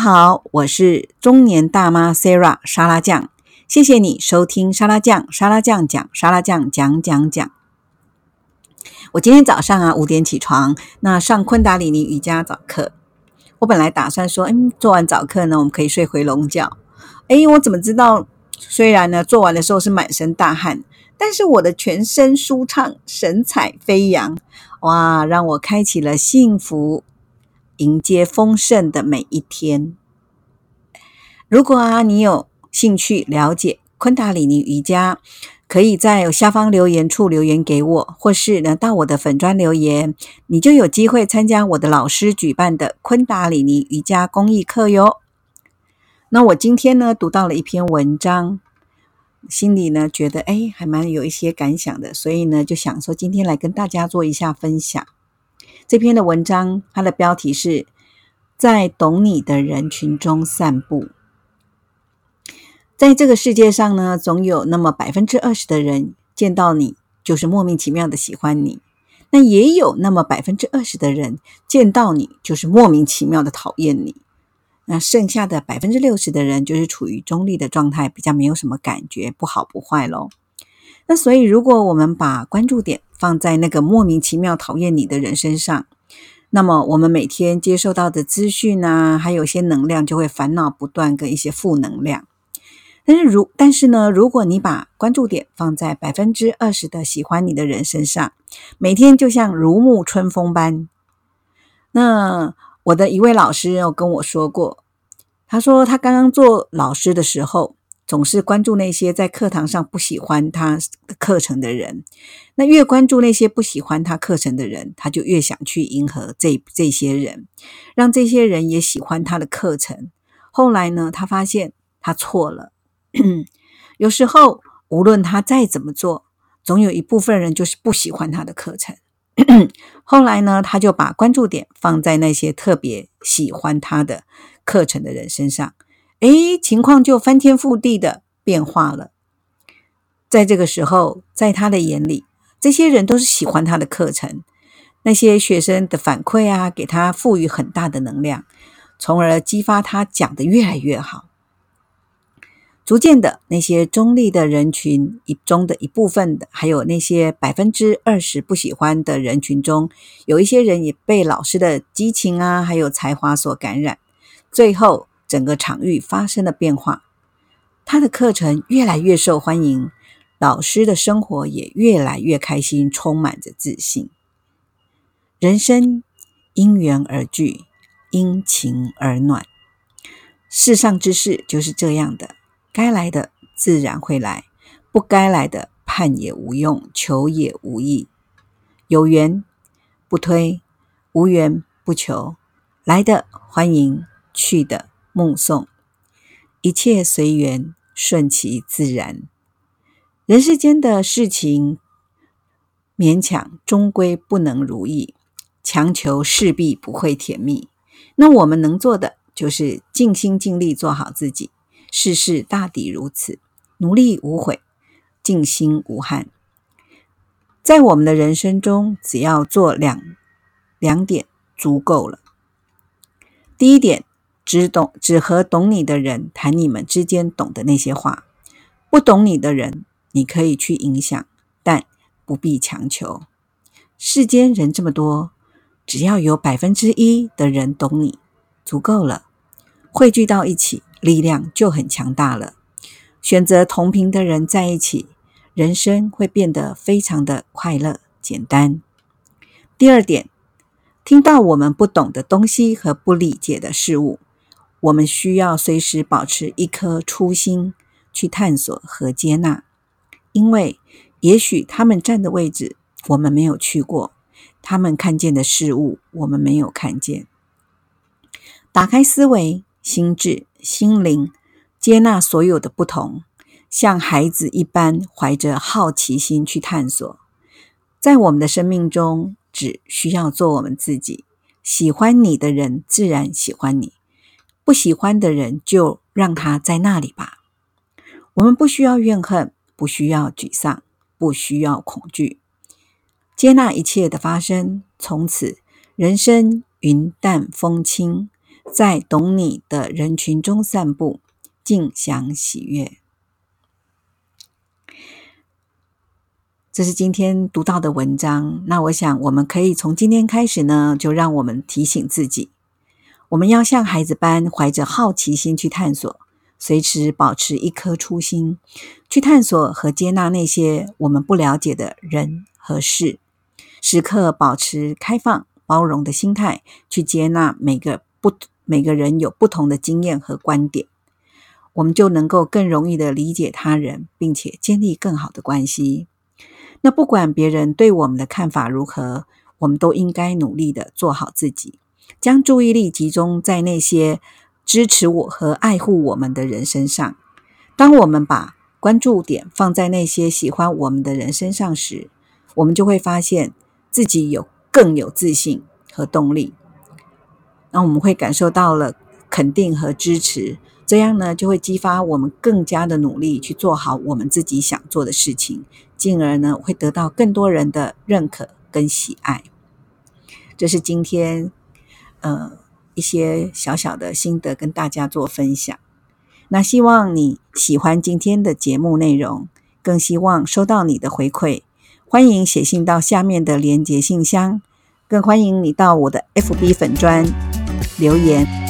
好，我是中年大媽 Sarah 沙拉醬。謝謝你收聽沙拉醬沙拉醬講沙拉醬講講講，講。我今天早上啊五點起床，那上昆達里尼瑜伽早課。我本來打算說，嗯，做完早課呢，我們可以睡回籠覺。誒，我怎麼知道？雖然呢，做完的時候是滿身大汗，但是我的全身舒暢，神采飛揚，哇，讓我開啟了幸福，迎接豐盛的每一天。如果啊，你有興趣了解昆達里尼瑜伽，可以在下方留言處留言給我，或是呢，到我的粉專留言，你就有機會參加我的老師舉辦的昆達里尼瑜伽公益課喲。那我今天呢讀到了一篇文章，心裡呢覺得誒還蠻有一些感想的，所以呢就想說今天來跟大家做一下分享。這篇的文章它的標題是《在懂你的人群中散步》。在這個世界上呢，總有那麼百分之二十的人見到你就是莫名其妙的喜歡你，那也有那麼百分之二十的人見到你就是莫名其妙的討厭你，那剩下的百分之六十的人就是處於中立的狀態，比較沒有什麼感覺，不好不壞嘍。那所以，如果我們把關注點放在那個莫名其妙討厭你的人身上，那麼我們每天接受到的資訊啊，還有些能量，就會煩惱不斷，跟一些負能量。但是如，但是呢，如果你把關注點放在百分之二十的喜歡你的人身上，每天就像如沐春風般。那我的一位老師有跟我說過，他說他剛剛做老師的時候，總是關注那些在課堂上不喜歡他課程的人。那越關注那些不喜歡他課程的人，他就越想去迎合這這些人，讓這些人也喜歡他的課程。後來呢，他發現他錯了。 有時候，無論他再怎麼做，總有一部分人就是不喜歡他的課程。 後來呢，他就把關注點放在那些特別喜歡他的課程的人身上，誒，情況就翻天覆地的變化了。在這個時候，在他的眼裡，這些人都是喜歡他的課程，那些學生的反饋啊，給他賦予很大的能量，從而激發他講得越來越好。逐漸的，那些中立的人群一中的一部分，的，還有那些百分之二十不喜歡的人群中，有一些人也被老師的激情啊，還有才華所感染。最後，整個場域發生了變化，他的課程越來越受歡迎，老師的生活也越來越開心，充滿着自信。人生因緣而聚，因情而暖，世上之事就是這樣的。該來的自然會來，不該來的盼也無用，求也無益。有緣不推，無緣不求。來的歡迎，去的目送。一切隨緣，順其自然。人世間的事情，勉強終歸不能如意，強求勢必不會甜蜜。那我們能做的，就是盡心盡力做好自己。世事大抵如此，努力無悔，盡心無憾。在我們的人生中，只要做兩兩點足夠了，第一點，只懂，只和懂你的人談你們之間懂的那些話，不懂你的人，你可以去影響，但不必強求。世間人這麼多，只要有百分之一的人懂你，足夠了，匯聚到一起。力量就很強大了。選擇同頻的人在一起，人生會變得非常的快樂、簡單。第二點，聽到我們不懂的東西和不理解的事物，我們需要隨時保持一顆初心去探索和接納，因為也許他們站的位置我們沒有去過，他們看見的事物我們沒有看見。打開思維、心智。心靈接納所有的不同，像孩子一般懷着好奇心去探索。在我們的生命中，只需要做我們自己。喜歡你的人自然喜歡你，不喜歡的人就讓他在那裡吧。我們不需要怨恨，不需要沮喪，不需要恐懼，接納一切的發生。從此，人生雲淡風輕。在懂你的人群中散步，盡享喜悅。這是今天讀到的文章。那我想，我們可以從今天開始呢，就讓我們提醒自己，我們要像孩子般，懷着好奇心去探索，隨時保持一顆初心，去探索和接納那些我們不了解的人和事，時刻保持開放包容的心態，去接納每個。不，每個人有不同的經驗和觀點，我們就能夠更容易的理解他人，並且建立更好的關係。那不管別人對我們的看法如何，我們都應該努力的做好自己，將注意力集中在那些支持我和愛護我們的人身上。當我們把關注點放在那些喜歡我們的人身上時，我們就會發現自己有更有自信和動力。那我們會感受到了肯定和支持，這樣呢，就會激發我們更加的努力去做好我們自己想做的事情，進而呢會得到更多人的認可跟喜愛。這是今天呃一些小小的心得跟大家做分享。那希望你喜歡今天的節目內容，更希望收到你的回饋。歡迎寫信到下面的連接信箱，更歡迎你到我的 FB 粉專。留言。